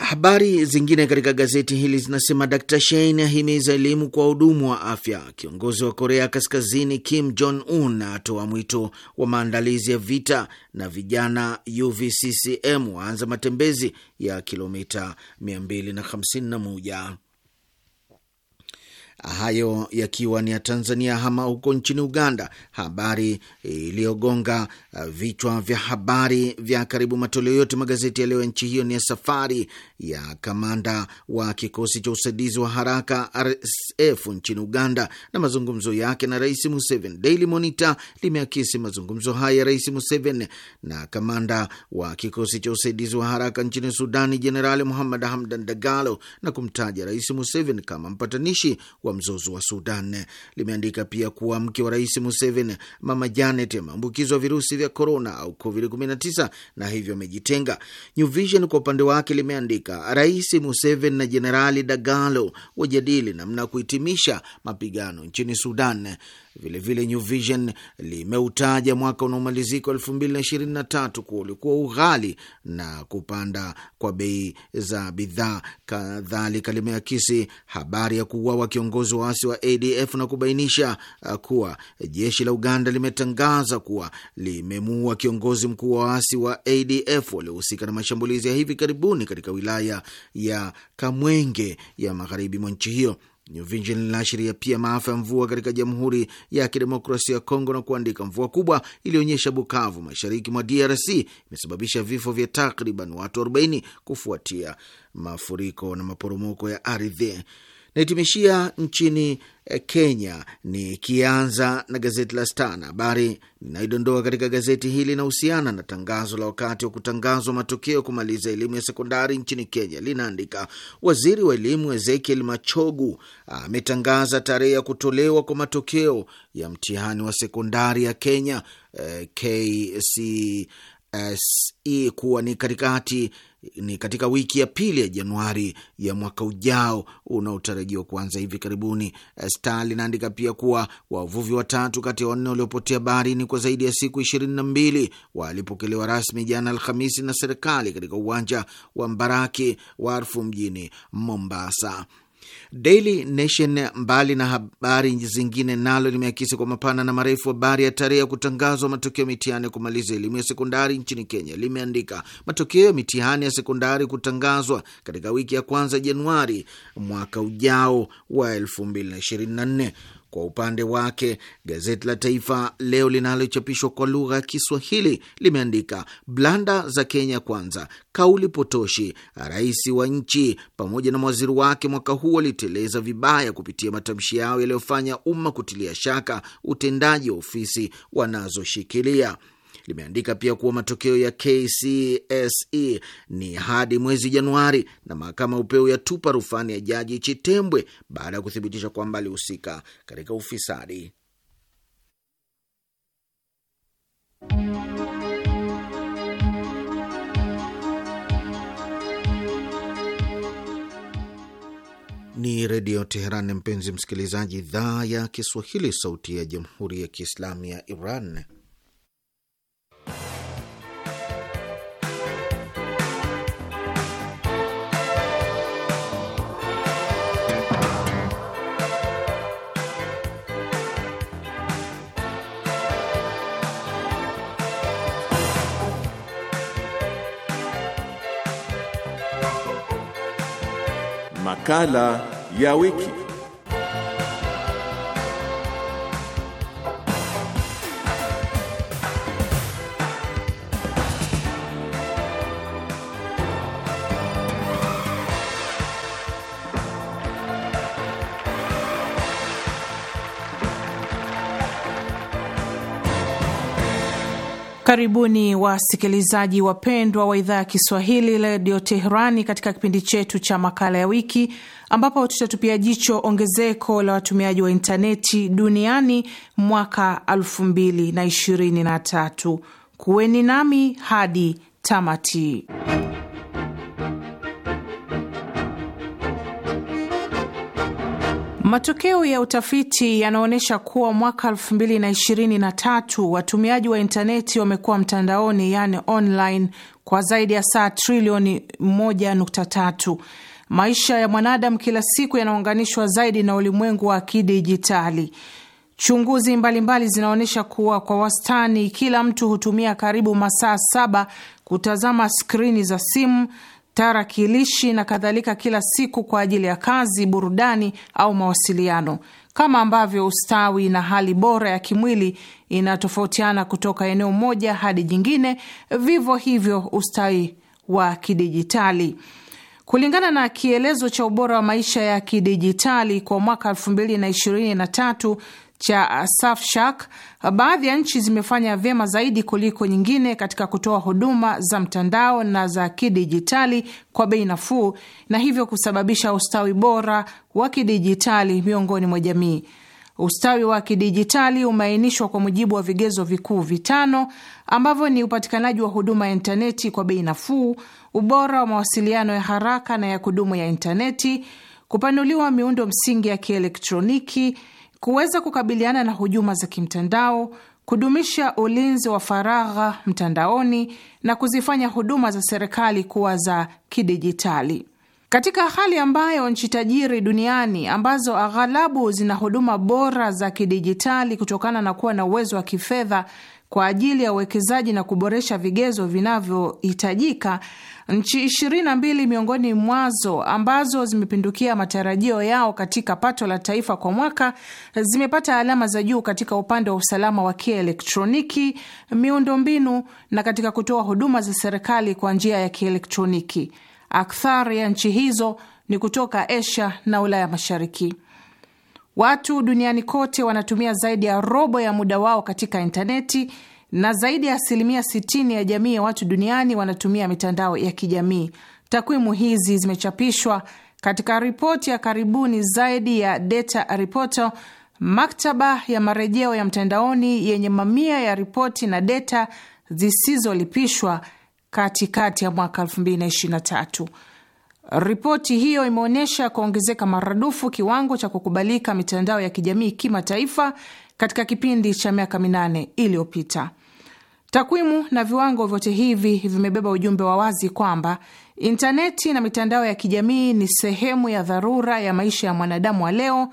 Habari zingine katika gazeti hili zinasema Dr Shein ahimiza elimu kwa hudumu wa afya. Kiongozi wa Korea Kaskazini Kim Jong Un atoa mwito wa maandalizi ya vita, na vijana UVCCM waanza matembezi ya kilomita 251. Hayo yakiwa ni ya Tanzania. Hama huko nchini Uganda, habari iliyogonga Uh, vichwa vya habari vya karibu matoleo yote magazeti ya leo ya nchi hiyo ni ya safari ya kamanda wa kikosi cha usaidizi wa haraka RSF nchini Uganda na mazungumzo yake na Rais Museveni. Daily Monitor limeakisi mazungumzo haya ya Rais Museveni na kamanda wa kikosi cha usaidizi wa haraka nchini Sudani, Jenerali Muhammad Hamdan Dagalo, na kumtaja Rais Museveni kama mpatanishi wa mzozo wa Sudan. Limeandika pia kuwa mke wa Rais Museveni, Mama Janet, ameambukizwa virusi vya korona au COVID-19 na hivyo amejitenga. New Vision kwa upande wake limeandika Rais Museveni na Jenerali Dagalo wajadili namna ya kuhitimisha mapigano nchini Sudan. Vilevile New Vision limeutaja mwaka unaomalizika tatu kuwa ulikuwa ughali na kupanda kwa bei za bidhaa. Kadhalika limeakisi habari ya kuuawa kiongozi wa waasi wa ADF na kubainisha uh, kuwa jeshi la Uganda limetangaza kuwa limemuua kiongozi mkuu wa waasi wa ADF waliohusika na mashambulizi ya hivi karibuni katika wilaya ya Kamwenge ya magharibi mwa nchi hiyo. New Vision linaashiria pia maafa ya mvua katika Jamhuri ya Kidemokrasia ya Kongo na kuandika, mvua kubwa iliyoonyesha Bukavu, mashariki mwa DRC, imesababisha vifo vya takriban watu 40 kufuatia mafuriko na maporomoko ya ardhi naitimishia nchini eh, Kenya, nikianza na gazeti la Star na habari ninayodondoa katika gazeti hili inahusiana na tangazo la wakati wa kutangazwa matokeo kumaliza elimu ya sekondari nchini Kenya. Linaandika, waziri wa elimu Ezekiel Machogu ametangaza tarehe ya kutolewa kwa matokeo ya mtihani wa sekondari ya Kenya eh, KC SE kuwa ni katikati ni katika wiki ya pili ya Januari ya mwaka ujao unaotarajiwa kuanza hivi karibuni. Stali linaandika pia kuwa wavuvi watatu kati ya wanne waliopotea baharini kwa zaidi ya siku ishirini na mbili walipokelewa rasmi jana Alhamisi na serikali katika uwanja wa Mbaraki Wharf mjini Mombasa. Daily Nation, mbali na habari zingine, nalo limeakisi kwa mapana na marefu habari ya tarehe ya kutangazwa matokeo ya mitihani ya kumaliza elimu ya sekondari nchini Kenya. Limeandika matokeo ya mitihani ya sekondari kutangazwa katika wiki ya kwanza Januari mwaka ujao wa 2024. Kwa upande wake gazeti la Taifa Leo linalochapishwa kwa lugha ya Kiswahili limeandika blanda za Kenya Kwanza, kauli potoshi, rais wa nchi pamoja na mawaziri wake mwaka huu waliteleza vibaya kupitia matamshi yao yaliyofanya umma kutilia shaka utendaji wa ofisi wanazoshikilia limeandika pia kuwa matokeo ya KCSE ni hadi mwezi Januari na mahakama ya upeo yatupa rufani ya Jaji Chitembwe baada ya kuthibitisha kwamba alihusika katika ufisadi. Ni Redio Teheran, mpenzi msikilizaji, idhaa ya Kiswahili, sauti ya Jamhuri ya Kiislamu ya Iran. Makala ya wiki. Karibuni wasikilizaji wapendwa wa idhaa ya Kiswahili redio Teherani katika kipindi chetu cha makala ya wiki ambapo tutatupia jicho ongezeko la watumiaji wa intaneti duniani mwaka 2023. Kuweni nami hadi tamati. Matokeo ya utafiti yanaonyesha kuwa mwaka 2023 watumiaji wa intaneti wamekuwa mtandaoni, yani online, kwa zaidi ya saa trilioni 1.3. Maisha ya mwanadamu kila siku yanaunganishwa zaidi na ulimwengu wa kidijitali. Chunguzi mbalimbali zinaonyesha kuwa kwa wastani kila mtu hutumia karibu masaa saba kutazama skrini za simu tarakilishi na kadhalika kila siku kwa ajili ya kazi, burudani au mawasiliano, kama ambavyo ustawi na hali bora ya kimwili inatofautiana kutoka eneo moja hadi jingine, vivyo hivyo ustawi wa kidijitali. Kulingana na kielezo cha ubora wa maisha ya kidijitali kwa mwaka 2023 cha Safshak, baadhi ya nchi zimefanya vyema zaidi kuliko nyingine katika kutoa huduma za mtandao na za kidijitali kwa bei nafuu na hivyo kusababisha ustawi bora wa kidijitali miongoni mwa jamii. Ustawi wa kidijitali umeainishwa kwa mujibu wa vigezo vikuu vitano ambavyo ni upatikanaji wa huduma ya intaneti kwa bei nafuu, ubora wa mawasiliano ya haraka na ya kudumu ya intaneti, kupanuliwa miundo msingi ya kielektroniki kuweza kukabiliana na hujuma za kimtandao, kudumisha ulinzi wa faragha mtandaoni na kuzifanya huduma za serikali kuwa za kidijitali. Katika hali ambayo nchi tajiri duniani ambazo aghalabu zina huduma bora za kidijitali kutokana na kuwa na uwezo wa kifedha kwa ajili ya uwekezaji na kuboresha vigezo vinavyohitajika nchi mbili miongoni mwazo ambazo zimepindukia matarajio yao katika pato la taifa kwa mwaka zimepata alama za juu katika upande wa usalama wa kielektroniki, miundombinu na katika kutoa huduma za serikali kwa njia ya kielektroniki. Akthari ya nchi hizo ni kutoka Asia na Ulaya Mashariki. Watu duniani kote wanatumia zaidi ya robo ya muda wao katika intaneti na zaidi ya asilimia 60 ya jamii ya watu duniani wanatumia mitandao ya kijamii. Takwimu hizi zimechapishwa katika ripoti ya karibuni zaidi ya Data Reporter, maktaba ya marejeo ya mtandaoni yenye mamia ya ripoti na data zisizolipishwa katikati ya mwaka 2023. Ripoti hiyo imeonyesha kuongezeka maradufu kiwango cha kukubalika mitandao ya kijamii kimataifa katika kipindi cha miaka minane iliyopita. Takwimu na viwango vyote hivi vimebeba ujumbe wa wazi kwamba intaneti na mitandao ya kijamii ni sehemu ya dharura ya maisha ya mwanadamu wa leo,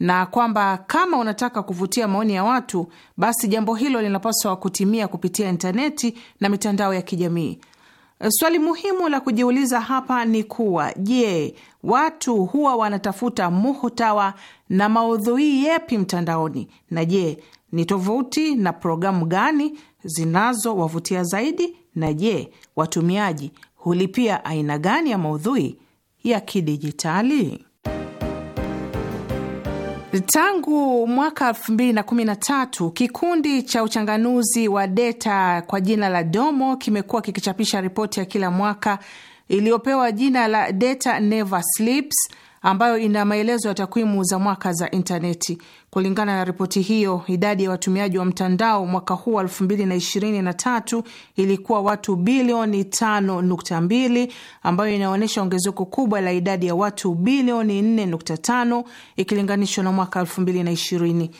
na kwamba kama unataka kuvutia maoni ya watu, basi jambo hilo linapaswa kutimia kupitia intaneti na mitandao ya kijamii. Swali muhimu la kujiuliza hapa ni kuwa je, watu huwa wanatafuta muhtawa na maudhui yepi mtandaoni, na je, ni tovuti na programu gani zinazowavutia zaidi, na je, watumiaji hulipia aina gani ya maudhui ya kidijitali? Tangu mwaka 2013 kikundi cha uchanganuzi wa deta kwa jina la Domo kimekuwa kikichapisha ripoti ya kila mwaka iliyopewa jina la Data Never Sleeps ambayo ina maelezo ya takwimu za mwaka za intaneti. Kulingana na ripoti hiyo, idadi ya watumiaji wa mtandao mwaka huu wa 2023 ilikuwa watu bilioni 5.2, ambayo inaonyesha ongezeko kubwa la idadi ya watu bilioni 4.5 ikilinganishwa na mwaka 2020.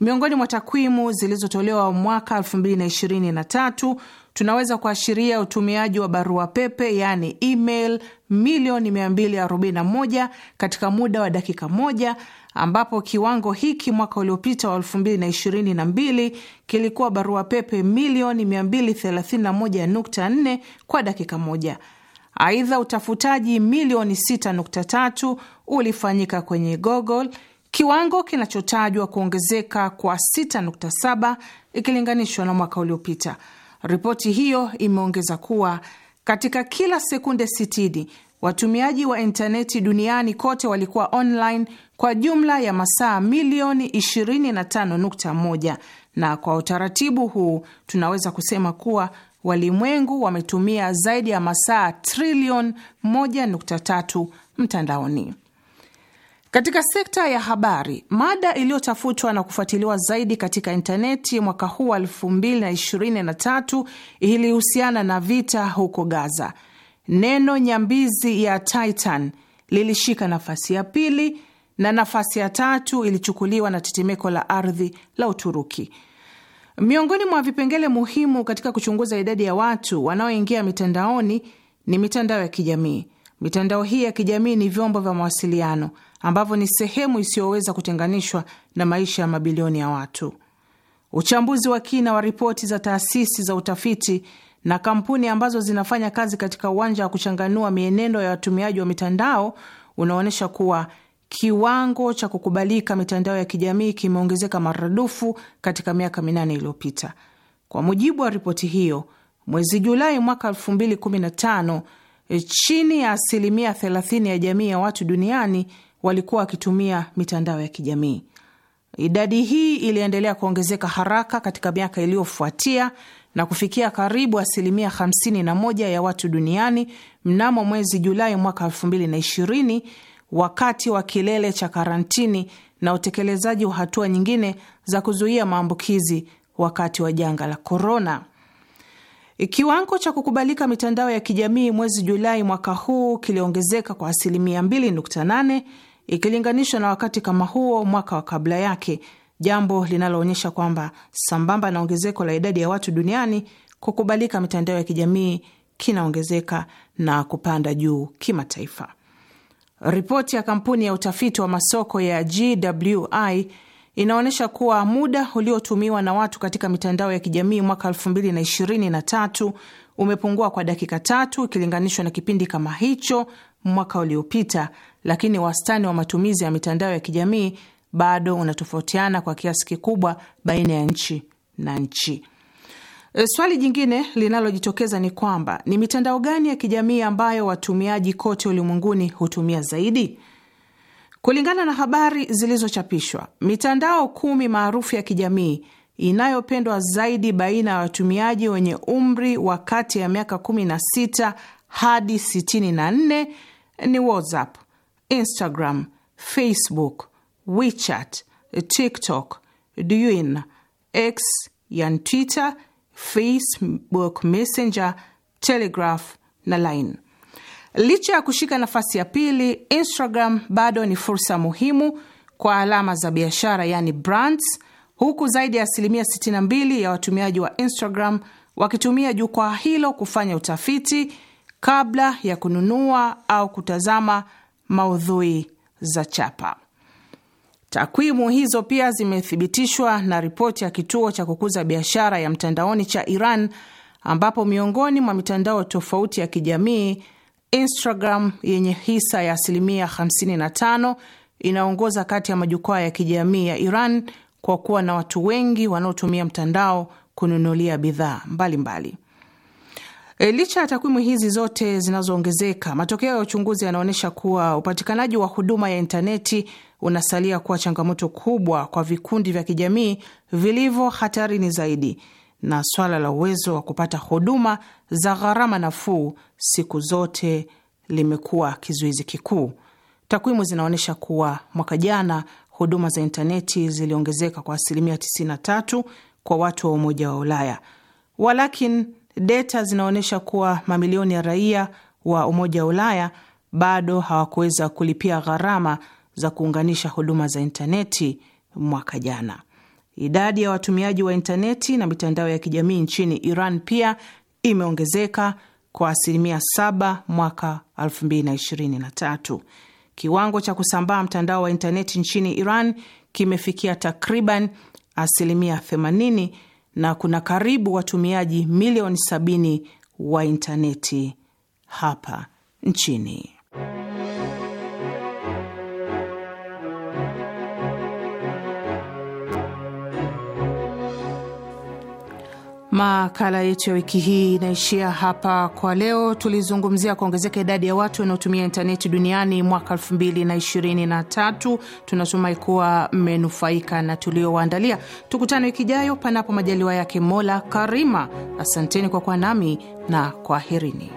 Miongoni mwa takwimu zilizotolewa mwaka 2023 tunaweza kuashiria utumiaji wa barua pepe yaani email milioni 241 katika muda wa dakika moja, ambapo kiwango hiki mwaka uliopita wa 2022 kilikuwa barua pepe milioni 231.4 kwa dakika moja. Aidha, utafutaji milioni 6.3 ulifanyika kwenye Google, kiwango kinachotajwa kuongezeka kwa 6.7 ikilinganishwa na mwaka uliopita. Ripoti hiyo imeongeza kuwa katika kila sekunde 60 watumiaji wa intaneti duniani kote walikuwa online kwa jumla ya masaa milioni 25.1, na kwa utaratibu huu tunaweza kusema kuwa walimwengu wametumia zaidi ya masaa trilioni 1.3 mtandaoni. Katika sekta ya habari, mada iliyotafutwa na kufuatiliwa zaidi katika intaneti mwaka huu wa 2023 ilihusiana na vita huko Gaza. Neno nyambizi ya Titan lilishika nafasi ya pili na nafasi ya tatu ilichukuliwa na tetemeko la ardhi la Uturuki. Miongoni mwa vipengele muhimu katika kuchunguza idadi ya watu wanaoingia mitandaoni ni mitandao ya kijamii. Mitandao hii ya kijamii ni vyombo vya mawasiliano ambavyo ni sehemu isiyoweza kutenganishwa na maisha ya mabilioni ya watu. Uchambuzi wa kina wa ripoti za taasisi za utafiti na kampuni ambazo zinafanya kazi katika uwanja wa kuchanganua mienendo ya watumiaji wa mitandao unaonyesha kuwa kiwango cha kukubalika mitandao ya kijamii kimeongezeka maradufu katika miaka minane iliyopita. Kwa mujibu wa ripoti hiyo, mwezi Julai mwaka 2015 chini ya asilimia 30 ya jamii ya watu duniani walikuwa wakitumia mitandao ya kijamii. Idadi hii iliendelea kuongezeka haraka katika miaka iliyofuatia na kufikia karibu asilimia 51 ya watu duniani mnamo mwezi Julai mwaka 2020 wakati wa kilele cha karantini na utekelezaji wa hatua nyingine za kuzuia maambukizi wakati wa janga la korona. Kiwango cha kukubalika mitandao ya kijamii mwezi Julai mwaka huu kiliongezeka kwa asilimia 2.8 ikilinganishwa na wakati kama huo mwaka wa kabla yake, jambo linaloonyesha kwamba sambamba na ongezeko la idadi ya watu duniani, kukubalika mitandao ya kijamii kinaongezeka na kupanda juu kimataifa. Ripoti ya kampuni ya utafiti wa masoko ya GWI inaonyesha kuwa muda uliotumiwa na watu katika mitandao ya kijamii mwaka 2023 umepungua kwa dakika tatu ikilinganishwa na kipindi kama hicho mwaka uliopita, lakini wastani wa matumizi ya mitandao ya kijamii bado unatofautiana kwa kiasi kikubwa baina ya nchi na nchi. E, swali jingine linalojitokeza ni kwamba ni mitandao gani ya kijamii ambayo watumiaji kote ulimwenguni hutumia zaidi? Kulingana na habari zilizochapishwa, mitandao kumi maarufu ya kijamii inayopendwa zaidi baina ya watumiaji wenye umri wa kati ya miaka 16 hadi 64 ni WhatsApp, Instagram, Facebook, WeChat, TikTok, Douyin, X yani Twitter, Facebook Messenger, Telegraph na Line. Licha ya kushika nafasi ya pili, Instagram bado ni fursa muhimu kwa alama za biashara yani brands, huku zaidi ya asilimia 62 ya watumiaji wa Instagram wakitumia jukwaa hilo kufanya utafiti kabla ya kununua au kutazama maudhui za chapa. Takwimu hizo pia zimethibitishwa na ripoti ya kituo cha kukuza biashara ya mtandaoni cha Iran, ambapo miongoni mwa mitandao tofauti ya kijamii Instagram yenye hisa ya asilimia 55 inaongoza kati ya majukwaa ya kijamii ya Iran kwa kuwa na watu wengi wanaotumia mtandao kununulia bidhaa mbalimbali. E, licha ya takwimu hizi zote zinazoongezeka, matokeo ya uchunguzi yanaonyesha kuwa upatikanaji wa huduma ya intaneti unasalia kuwa changamoto kubwa kwa vikundi vya kijamii vilivyo hatarini zaidi, na swala la uwezo wa kupata huduma za gharama nafuu siku zote limekuwa kizuizi kikuu. Takwimu zinaonyesha kuwa mwaka jana huduma za intaneti ziliongezeka kwa asilimia 93 kwa watu wa Umoja wa Ulaya, walakin Data zinaonyesha kuwa mamilioni ya raia wa Umoja wa Ulaya bado hawakuweza kulipia gharama za kuunganisha huduma za intaneti mwaka jana. Idadi ya watumiaji wa intaneti na mitandao ya kijamii nchini Iran pia imeongezeka kwa asilimia 7 mwaka 2023. Kiwango cha kusambaa mtandao wa intaneti nchini Iran kimefikia takriban asilimia 80 na kuna karibu watumiaji milioni sabini wa intaneti hapa nchini. Makala yetu ya wiki hii inaishia hapa kwa leo. Tulizungumzia kuongezeka idadi ya watu wanaotumia intaneti duniani mwaka 223 Tunatumai kuwa mmenufaika na tuliowaandalia. Tukutane wiki ijayo, panapo majaliwa yake Mola Karima. Asanteni kwa kuwa nami na kwaherini.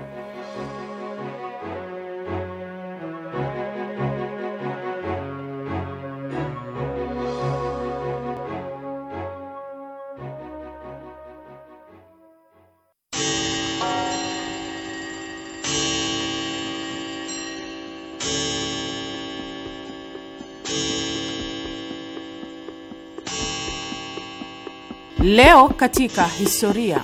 Leo katika historia.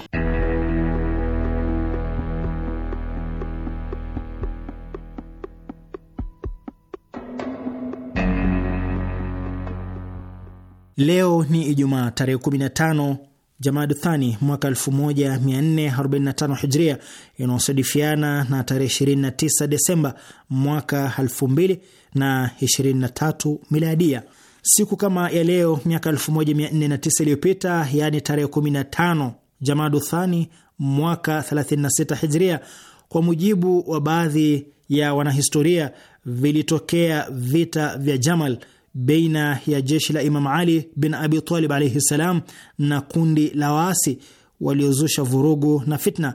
Leo ni Ijumaa tarehe 15 Jamadu Thani mwaka 1445 Hijria, inayosadifiana na tarehe 29 Desemba mwaka 2023 Miladia. Siku kama ya leo miaka 1409 iliyopita, yaani tarehe 15 Jamadu Thani mwaka 36 Hijria, kwa mujibu wa baadhi ya wanahistoria, vilitokea vita vya Jamal baina ya jeshi la Imam Ali bin Abi Talib alaihi ssalam na kundi la waasi waliozusha vurugu na fitna.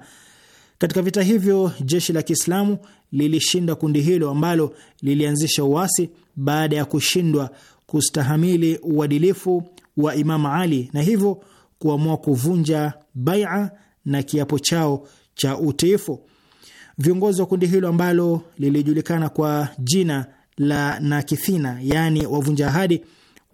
Katika vita hivyo jeshi la Kiislamu lilishinda kundi hilo ambalo lilianzisha uasi baada ya kushindwa kustahamili uadilifu wa Imam Ali na hivyo kuamua kuvunja baia na kiapo chao cha utiifu. Viongozi wa kundi hilo ambalo lilijulikana kwa jina la Nakithina, yaani wavunja ahadi,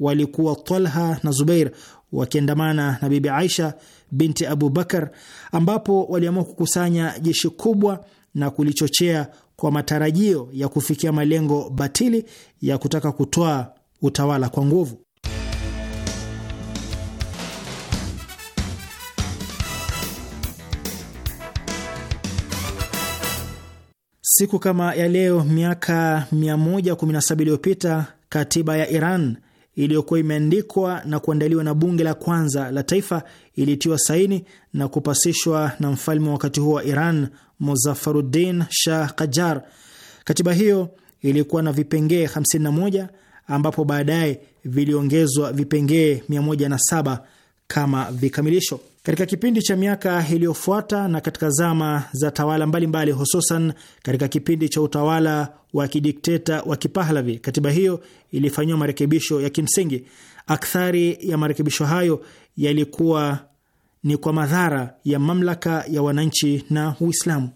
walikuwa Talha na Zubair wakiandamana na Bibi Aisha binti Abu Bakar, ambapo waliamua kukusanya jeshi kubwa na kulichochea kwa matarajio ya kufikia malengo batili ya kutaka kutoa utawala kwa nguvu. Siku kama ya leo miaka 117 iliyopita katiba ya Iran iliyokuwa imeandikwa na kuandaliwa na bunge la kwanza la taifa ilitiwa saini na kupasishwa na mfalme wa wakati huo wa Iran, muzafarudin Shah Qajar. Katiba hiyo ilikuwa na vipengee 51 ambapo baadaye viliongezwa vipengee 107 kama vikamilisho. Katika kipindi cha miaka iliyofuata na katika zama za tawala mbalimbali, hususan katika kipindi cha utawala wa kidikteta wa Kipahlavi, katiba hiyo ilifanyiwa marekebisho ya kimsingi. Akthari ya marekebisho hayo yalikuwa ni kwa madhara ya mamlaka ya wananchi na Uislamu.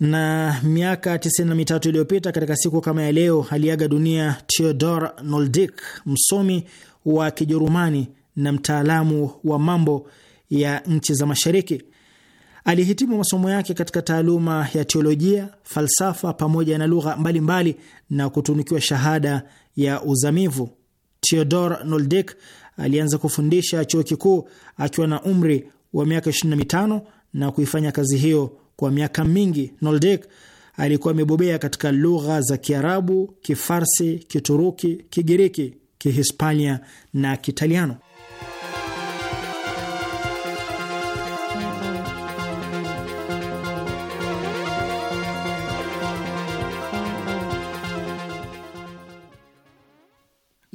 na miaka 93 iliyopita katika siku kama ya leo aliaga dunia Theodor Noldik, msomi wa Kijerumani na mtaalamu wa mambo ya nchi za Mashariki. Alihitimu masomo yake katika taaluma ya teolojia, falsafa pamoja na lugha mbalimbali na kutunukiwa shahada ya uzamivu. Theodor Noldik alianza kufundisha chuo kikuu akiwa na umri wa miaka 25 na kuifanya kazi hiyo kwa miaka mingi Noldek alikuwa amebobea katika lugha za Kiarabu, Kifarsi, Kituruki, Kigiriki, Kihispania na Kitaliano.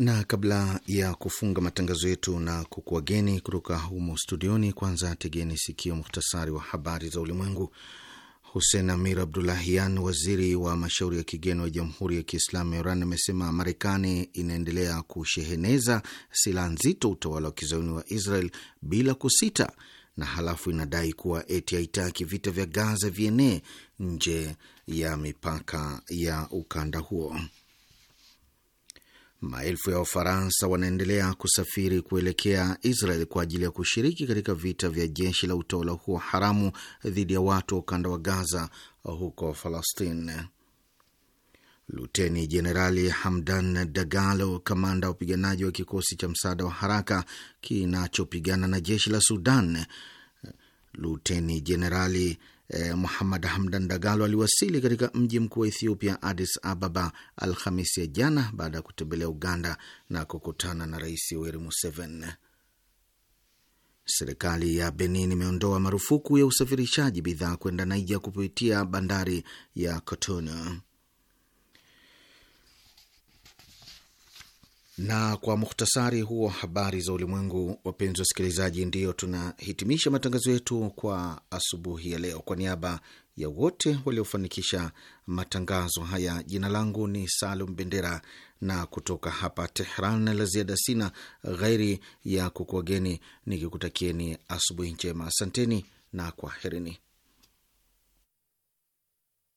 na kabla ya kufunga matangazo yetu na kukuageni kutoka humo studioni, kwanza tegeni sikio muhtasari wa habari za ulimwengu. Hussein Amir Abdullahian, waziri wa mashauri ya kigeni wa Jamhuri ya Kiislamu ya Iran, amesema Marekani inaendelea kusheheneza silaha nzito utawala wa kizayuni wa Israel bila kusita, na halafu inadai kuwa eti haitaki vita vya Gaza vienee nje ya mipaka ya ukanda huo. Maelfu ya Wafaransa wanaendelea kusafiri kuelekea Israel kwa ajili ya kushiriki katika vita vya jeshi la utawala huo haramu dhidi ya watu wa ukanda wa Gaza huko falastine Luteni Jenerali Hamdan Dagalo, kamanda wa wapiganaji wa kikosi cha msaada wa haraka kinachopigana na jeshi la Sudan, Luteni Jenerali eh, Muhammad Hamdan Dagalo aliwasili katika mji mkuu wa Ethiopia, Addis Ababa, Alhamisi ya jana baada ya kutembelea Uganda na kukutana na Rais Yoweri Museveni. Serikali ya Benin imeondoa marufuku ya usafirishaji bidhaa kwenda Naija kupitia bandari ya Cotonou. Na kwa muhtasari huo habari za ulimwengu, wapenzi wa wasikilizaji, ndiyo tunahitimisha matangazo yetu kwa asubuhi ya leo. Kwa niaba ya wote waliofanikisha matangazo haya, jina langu ni Salum Bendera na kutoka hapa Tehran la ziada sina ghairi ya kukuageni nikikutakieni asubuhi njema. Asanteni na kwaherini